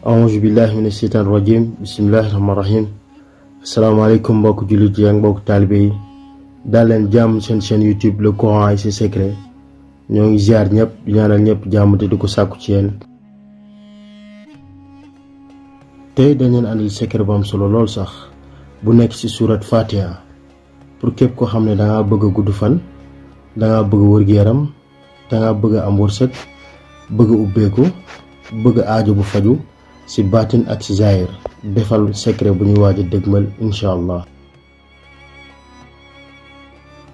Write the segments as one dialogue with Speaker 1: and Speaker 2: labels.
Speaker 1: A'udzu billahi minasyaitonir rajim. Bismillahirrahmanirrahim. Asalaamaaleykum bokk julit yi ak bokk taalibe yi Dalen jam sen sen YouTube le Coran et ses secrets ñoo ngi ziar ñep, ñaanal ñep jàmm te di sakku ci yeen. tey dañ leen andil secret bu am solo lol sax bu nekk ci surat Fatiha pour képp ko xam da nga bëgg guddu fan da nga bëgg wër-gu-yaram da nga bëgg am wërsëg bëgg ubbeeku bëgg aajo bu faju ci batin ak ci zahir defal secret bu ñu waaja dëgmal incha allah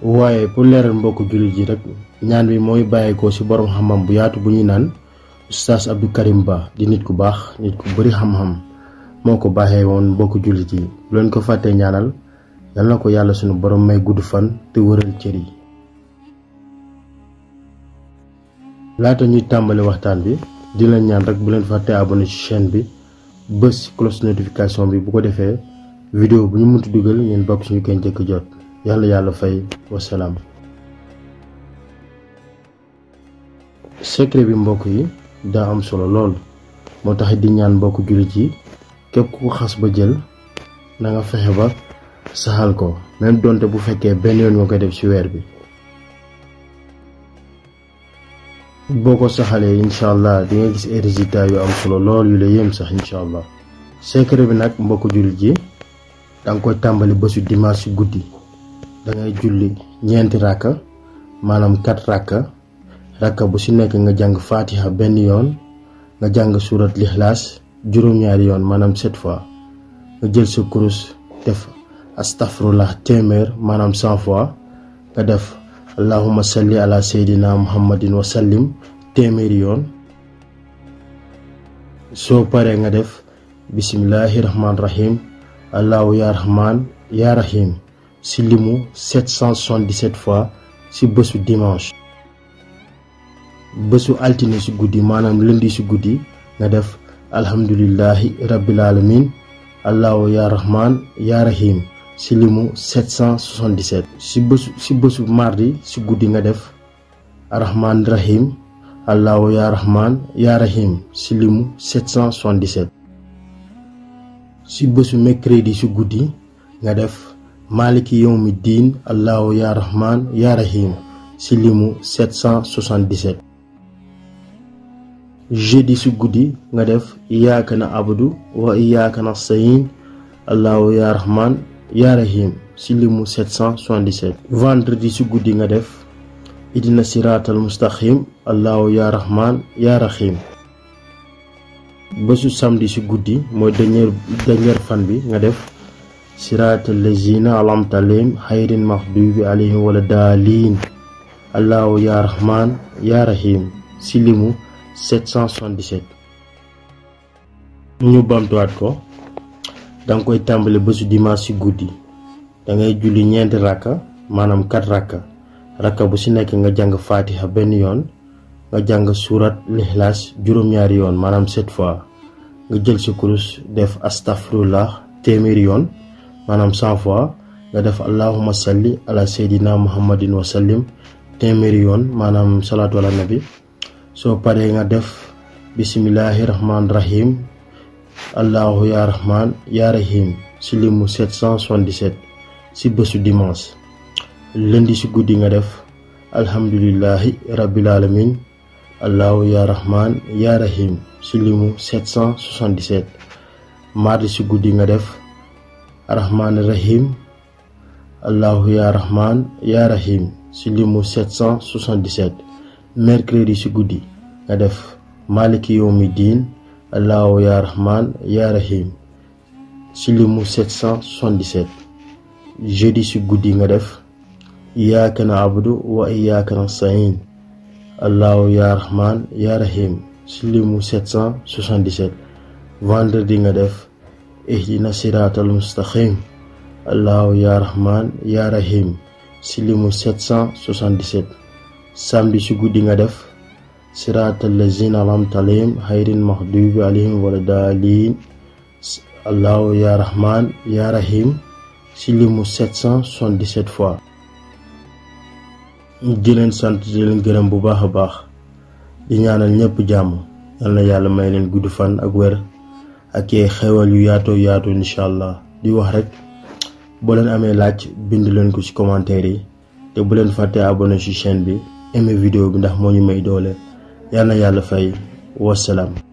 Speaker 1: waaye pour leeral mbokk jullit ji rek ñaan bi baye ko ci borom xamam bu yaatu bu ñuy naan oustaz abdou karim ba di nit ku bax nit ku bari xam-xam moko ko won woon mbokk jullit yi bu ko faté ñaanal yal ko yàlla borom may gudd fan te wëral cër laata ñuy tàmbali waxtaan bi di la ñaan rek bu leen fàtte abonné ci chaîne bi bës ci cloche notification bi bu ko defee vidéo bu ñu mënti dugal ngeen bokk suñu kenn jëkk jot yàlla yàlla fay wasalaam secret bi mbokk yi daa am solo lool moo tax di ñaan mbokk jullit yi képp ku ko xas ba jël na nga fexe ba saxal ko même donte bu fekkee benn yoon nga ko def ci weer bi boo ko saxalee incha allah di nga gis ay résultats yu am solo lool yu la yéem sax incha allah secret bi nag mbokku jullit ji da nga koy tàmbali bésu dimanche si guddi da ngay julli ñeenti rakka maanaam quatre rakka rakka bu si nekk nga jàng fatiha benn yoon nga jàng surat lixlaas juróom-ñaari yoon maanaam sept fois nga jël sa kurus def astafrullah téeméer maanaam cent fois nga def. allahuma salli ala seydina muhammadin wa téeméeri yoon soo paree nga def bisimilahi rahmaani rahim allahu yaa rahmaan yaa rahim ci limu 777 fois ci bësu dimanche bësu altine ci guddi maanaam lundi ci guddi nga def alhamdulilahi rabbil alamin allahu yaa rahmaan yaa rahim ci limu 777 ci bëssu ci mardi ci guddi nga def rahman rahim allah ya rahman ya rahim ci limu 777 ci bëssu mercredi ci guddi nga def maliki yawmiddin allah ya rahman ya rahim ci limu 777 jeudi ci guddi nga def iyyaka na'budu wa iyyaka nasta'in allahu ya rahman yaa rahim si limu 777 vendredi si guddi nga def idina siraatal mustaqim allahu yaa rahman yaa rahim bésu samedi si guddi mooy dernier dernier fan bi nga def siraatal lazina alamta alayhim xayrin maxdubi alayhim wala daaliin allahu yaa rahman yaa rahim si limu 777 ñu bamtuwaat ko dang koy tambalé bésu dimanche si guddi da ngay julli ñent rakka manam kat rakka rakka bu ci nekk nga jang fatiha ben yoon nga jang surat lehlas jurum ñaar yoon manam sept fois nga jël ci kurus def astaghfirullah téeméeri yoon manam 100 fois nga def allahumma salli ala sayidina muhammadin wa sallim téeméeri yoon manam salatu ala nabi so paré nga def Bismillahirrahmanirrahim. allahu yaa rahman yaa rahim ci limu 777 bésu dimanche lundi ci guddi nga def alhamdulilahi rabbil alamin allahu yaa rahman yaa rahim ci limu mardi ci guddi nga def rahman rahim allahu yaa rahman yaa rahim ci limu 777 mercredi ci guddi nga def maliki yawmi allahu ya rahman ya rahim ci limu 777 guddi nga def iyyaka na'budu wa iyyaka nasta'in allahu ya rahman ya rahim ci limu nga def ihdina siratal mustaqim allahu ya rahman ya rahim ci limu nga def صراط الذين أنعمت عليهم غير المغضوب عليهم ولا الضالين الله يا رحمن يا رحيم ci limu 777 fois di leen sant di leen gërëm bu baax a baax di ñaanal ñëpp jàmm yal na yàlla may leen gudd fan ak wér ak yee xewal yu yaatoo yaatoo incha allah di wax rek boo leen amee laaj bind leen ko ci commentaire yi te bu leen fàtte abonné ci chaîne bi aimé vidéo bi ndax moo ñu may doole yal na yàlla fay wasalaam